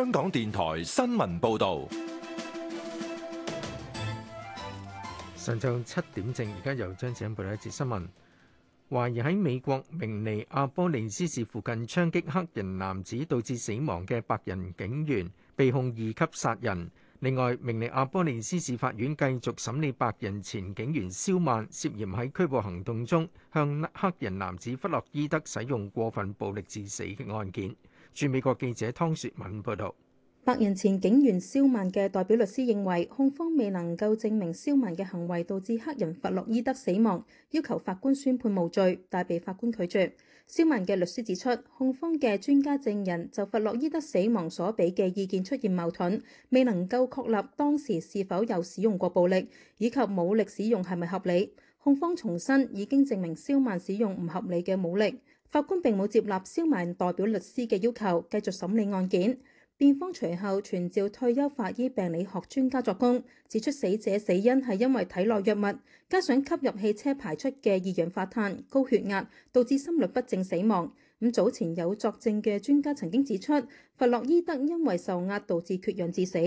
香港電台新聞報道，上晝七點正，而家由張子欣報道一節新聞。懷疑喺美國明尼阿波利斯市附近槍擊黑人男子導致死亡嘅白人警員被控二級殺人。另外，明尼阿波利斯市法院繼續審理白人前警員肖曼涉嫌喺拘捕行動中向黑人男子弗洛伊德使用過分暴力致死嘅案件。駐美國記者湯雪敏報道，白人前警員肖曼嘅代表律師認為控方未能夠證明肖曼嘅行為導致黑人弗洛伊德死亡，要求法官宣判無罪，但被法官拒絕。肖曼嘅律師指出，控方嘅專家證人就弗洛伊德死亡所俾嘅意見出現矛盾，未能夠確立當時是否有使用過暴力以及武力使用係咪合理。控方重申已經證明肖曼使用唔合理嘅武力，法官並冇接納肖曼代表律師嘅要求，繼續審理案件。辯方隨後傳召退休法醫病理學專家作供，指出死者死因係因為體內藥物加上吸入汽車排出嘅二氧化碳、高血壓，導致心律不正死亡。咁早前有作證嘅專家曾經指出，弗洛伊德因為受壓導致缺氧致死。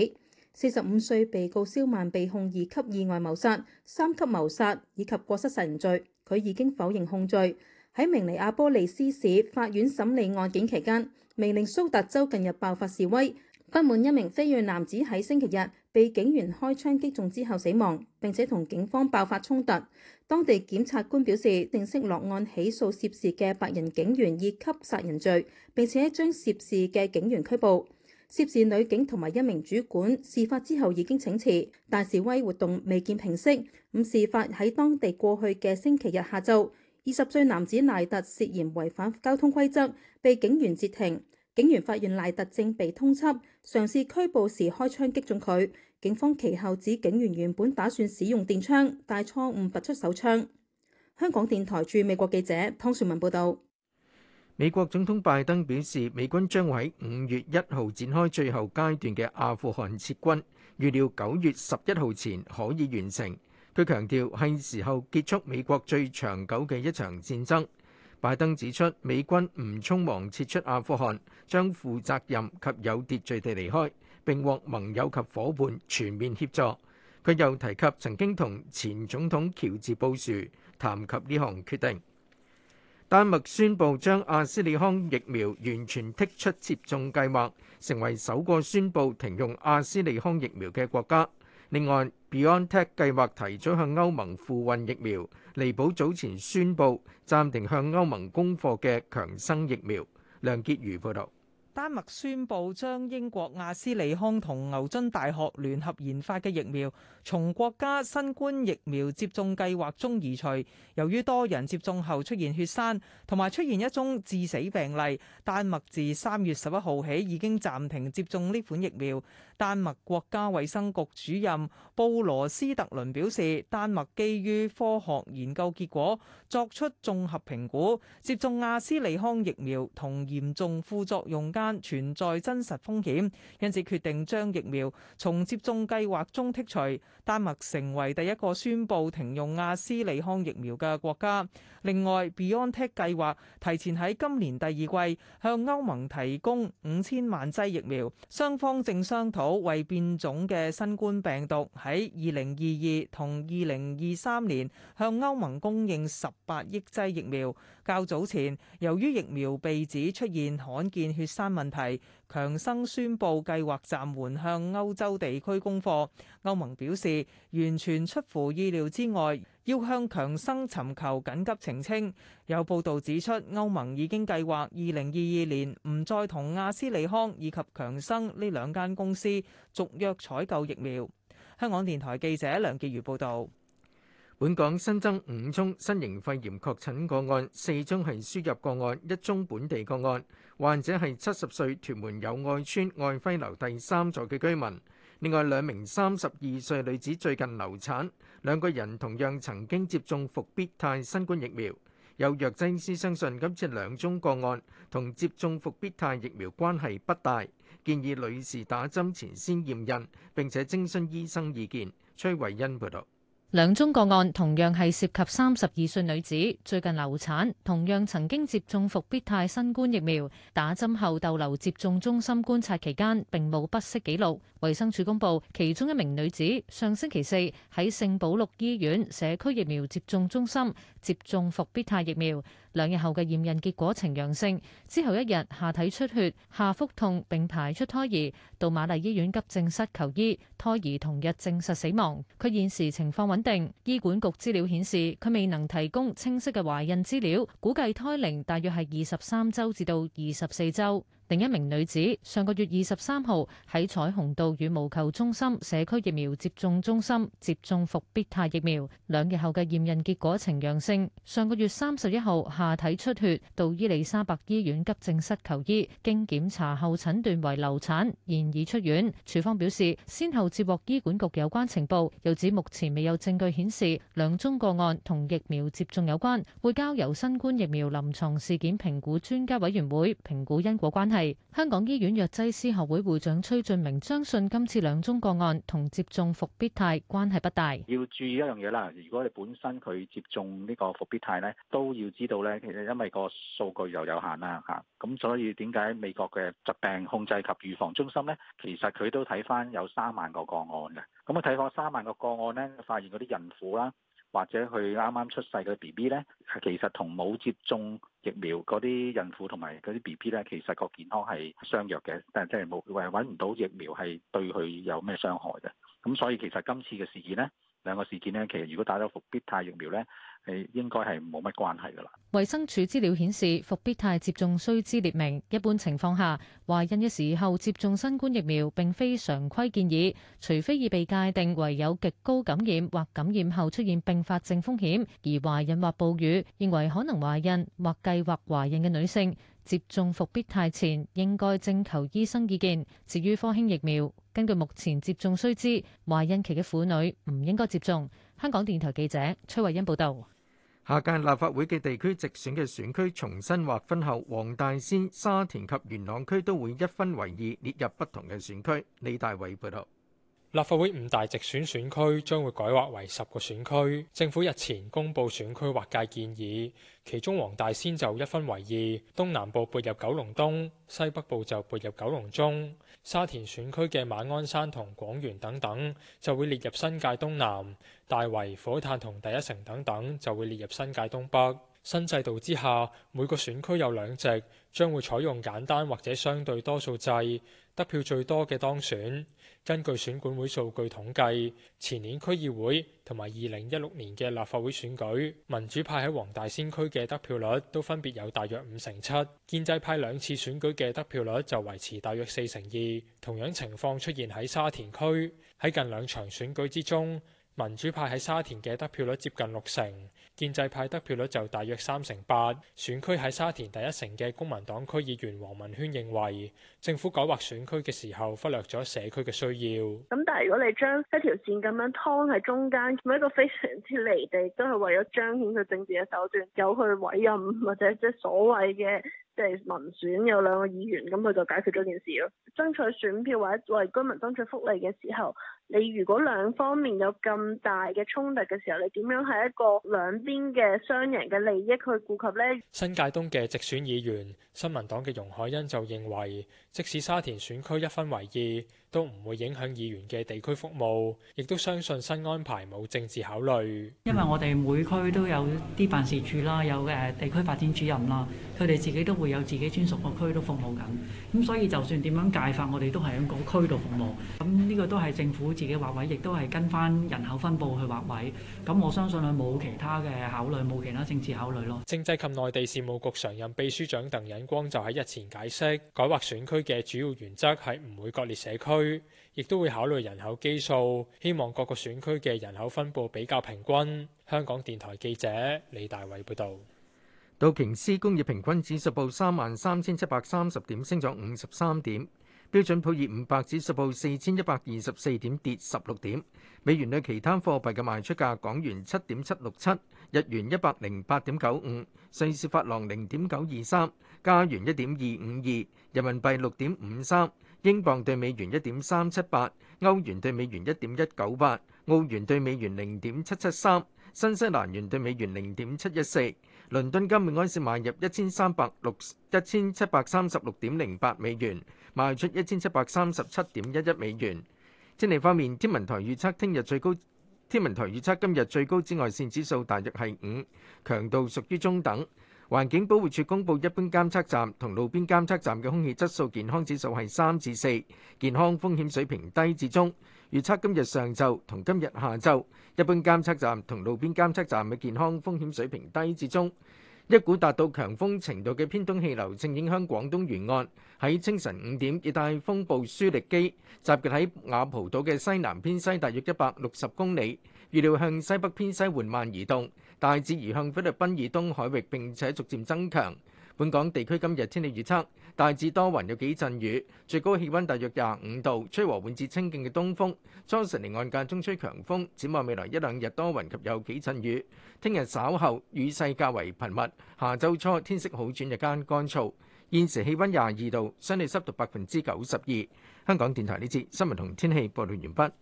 四十五歲被告蕭曼被控二級意外謀殺、三級謀殺以及過失殺人罪，佢已經否認控罪。喺明尼阿波利斯市法院審理案件期間，明尼蘇達州近日爆發示威，不滿一名非裔男子喺星期日被警員開槍擊中之後死亡，並且同警方爆發衝突。當地檢察官表示，正式落案起訴涉事嘅白人警員二級殺人罪，並且將涉事嘅警員拘捕。涉事女警同埋一名主管，事發之後已經請辭，但示威活動未見平息。五事發喺當地過去嘅星期日下晝，二十歲男子賴特涉嫌違反交通規則，被警員截停。警員發現賴特正被通緝，嘗試拘捕時開槍擊中佢。警方其後指警員原本打算使用電槍，但錯誤拔出手槍。香港電台駐美國記者湯綸文報道。美國總統拜登表示，美軍將會喺五月一號展開最後階段嘅阿富汗撤軍，預料九月十一號前可以完成。佢強調係時候結束美國最長久嘅一場戰爭。拜登指出，美軍唔匆忙撤出阿富汗，將負責任及有秩序地離開，並獲盟友及夥伴全面協助。佢又提及曾經同前總統喬治布殊談及呢項決定。丹麥宣布將阿斯利康疫苗完全剔出接種計劃，成為首個宣布停用阿斯利康疫苗嘅國家。另外，BioNTech 計劃提早向歐盟付運疫苗，彌補早前宣布暫停向歐盟供貨嘅強生疫苗。梁潔如報導。丹麥宣布將英國亞斯利康同牛津大學聯合研發嘅疫苗從國家新冠疫苗接種計劃中移除，由於多人接種後出現血栓，同埋出現一宗致死病例，丹麥自三月十一號起已經暫停接種呢款疫苗。丹麥國家衛生局主任布羅斯特倫表示，丹麥基於科學研究結果作出綜合評估，接種亞斯利康疫苗同嚴重副作用，存在真實風險，因此決定將疫苗從接種計劃中剔除。丹麥成為第一個宣布停用阿斯利康疫苗嘅國家。另外，BioNTech 計劃提前喺今年第二季向歐盟提供五千萬劑疫苗。雙方正商討為變種嘅新冠病毒喺二零二二同二零二三年向歐盟供應十八億劑疫苗。較早前，由於疫苗被指出現罕見血栓問題，強生宣布計劃暫緩向歐洲地區供貨。歐盟表示完全出乎意料之外，要向強生尋求緊急澄清。有報導指出，歐盟已經計劃二零二二年唔再同亞斯利康以及強生呢兩間公司續約採購疫苗。香港電台記者梁潔如報導。本港新增五宗新型肺炎確診個案，四宗係輸入個案，一宗本地個案。患者係七十歲屯門友愛邨愛輝樓第三座嘅居民。另外兩名三十二歲女子最近流產，兩個人同樣曾經接種復必泰新冠疫苗。有藥劑師相信，今次兩宗個案同接種復必泰疫苗關係不大，建議女士打針前先驗孕，並且徵詢醫生意見。崔慧欣報道。兩宗個案同樣係涉及三十二歲女子，最近流產，同樣曾經接種復必泰新冠疫苗，打針後逗留接種中心觀察期間並冇不適記錄。衛生署公布，其中一名女子上星期四喺聖保祿醫院社區疫苗，區疫苗接種中心接種復必泰疫苗，兩日後嘅驗孕結果呈陽性，之後一日下體出血，下腹痛並排出胎兒，到瑪麗醫院急症室求醫，胎兒同日證實死亡。佢現時情況穩定醫管局資料顯示，佢未能提供清晰嘅懷孕資料，估計胎齡大約係二十三周至到二十四周。另一名女子上個月二十三號喺彩虹道羽毛球中心社區疫苗接種中心接種復必泰疫苗，兩日後嘅驗孕結果呈陽性。上個月三十一號下體出血，到伊麗莎白醫院急症室求醫，經檢查後診斷為流產，現已出院。署方表示，先後接獲醫管局有關情報，又指目前未有證據顯示兩宗個案同疫苗接種有關，會交由新冠疫苗臨床事件評估專家委員會評估因果關係。香港醫院藥劑師學會會長崔俊明相信今次兩宗個案同接種復必泰關係不大，要注意一樣嘢啦。如果你本身佢接種呢個復必泰呢，都要知道呢，其實因為個數據又有限啦吓，咁所以點解美國嘅疾病控制及預防中心呢，其實佢都睇翻有三萬個個案嘅。咁啊睇翻三萬個個案呢，發現嗰啲孕婦啦。或者佢啱啱出世嘅 B B 咧，其實同冇接種疫苗嗰啲孕婦同埋嗰啲 B B 咧，其實個健康係相若嘅，但係即係冇誒揾唔到疫苗係對佢有咩傷害嘅，咁所以其實今次嘅事件咧。兩個事件呢，其實如果打咗復必泰疫苗呢，係應該係冇乜關係噶啦。衛生署資料顯示，復必泰接種須知列明，一般情況下懷孕嘅時候接種新冠疫苗並非常規建議，除非已被界定為有極高感染或感染後出現併發症風險，而懷孕或哺乳，認為可能懷孕或計劃懷孕嘅女性。接種復必泰前應該徵求醫生意見。至於科興疫苗，根據目前接種須知，懷孕期嘅婦女唔應該接種。香港電台記者崔慧欣報道。下屆立法會嘅地區直選嘅選區重新劃分後，黃大仙、沙田及元朗區都會一分為二，列入不同嘅選區。李大偉報導。立法會五大直選選區將會改劃為十個選區，政府日前公布選區劃界建議，其中黃大仙就一分為二，東南部撥入九龍東，西北部就撥入九龍中。沙田選區嘅馬鞍山同廣源等等就會列入新界東南，大圍、火炭同第一城等等就會列入新界東北。新制度之下，每個選區有兩席，將會採用簡單或者相對多數制。得票最多嘅當選，根據選管會數據統計，前年區議會同埋二零一六年嘅立法會選舉，民主派喺黃大仙區嘅得票率都分別有大約五成七，建制派兩次選舉嘅得票率就維持大約四成二。同樣情況出現喺沙田區，喺近兩場選舉之中。民主派喺沙田嘅得票率接近六成，建制派得票率就大約三成八。選區喺沙田第一城嘅公民黨區議員黃文軒認為，政府改劃選區嘅時候忽略咗社區嘅需要。咁但係如果你將一條線咁樣劏喺中間，咁一個非常之離地，都係為咗彰顯佢政治嘅手段，有去委任，或者即係所謂嘅。即民選有兩個議員，咁佢就解決咗件事咯。爭取選票或者為居民爭取福利嘅時候，你如果兩方面有咁大嘅衝突嘅時候，你點樣係一個兩邊嘅雙贏嘅利益去顧及咧？新界東嘅直選議員、新民黨嘅容海恩就認為，即使沙田選區一分為二，都唔會影響議員嘅地區服務，亦都相信新安排冇政治考慮。因為我哋每區都有啲辦事處啦，有誒地區發展主任啦，佢哋自己都會有自己專屬個區都服務緊。咁所以就算點樣界劃，我哋都係喺個區度服務。咁呢個都係政府自己劃位，亦都係跟翻人口分佈去劃位。咁我相信佢冇其他嘅考慮，冇其他政治考慮咯。政制及內地事務局常任秘書長鄧忍光就喺日前解釋，改劃選區嘅主要原則係唔會割裂社區。亦都會考慮人口基數，希望各個選區嘅人口分布比較平均。香港電台記者李大偉報道。道瓊斯工業平均指數報三萬三千七百三十點，升咗五十三點。標準普爾五百指數報四千一百二十四點，跌十六點。美元兌其他貨幣嘅賣出價：港元七點七六七，日元一百零八點九五，瑞士法郎零點九二三，加元一點二五二，人民幣六點五三。英鎊兌美元一點三七八，歐元兌美元一點一九八，澳元兌美元零點七七三，新西蘭元兌美元零點七一四。倫敦金每安士買入一千三百六一千七百三十六點零八美元，賣出一千七百三十七點一一美元。天氣方面，天文台預測聽日最高，天文台預測今日最高紫外線指數大約係五，強度屬於中等。環境保護署公布，一般監測站同路邊監測站嘅空氣質素健康指數係三至四，健康風險水平低至中。預測今日上晝同今日下晝，一般監測站同路邊監測站嘅健康風險水平低至中。一股達到強風程度嘅偏東氣流正影響廣東沿岸，喺清晨五點，熱帶風暴舒力基集結喺雅蒲島嘅西南偏西，大約一百六十公里，預料向西北偏西緩慢移動。大致移向菲律賓以東海域，並且逐漸增強。本港地區今日天氣預測，大致多雲有幾陣雨，最高氣温大約廿五度，吹和緩至清勁嘅東風。初時離岸間中吹強風，展望未來一兩日多雲及有幾陣雨。聽日稍後雨勢較為頻密，下週初天色好轉，日間乾燥。現時氣温廿二度，相對濕度百分之九十二。香港電台呢節新聞同天氣報道完畢。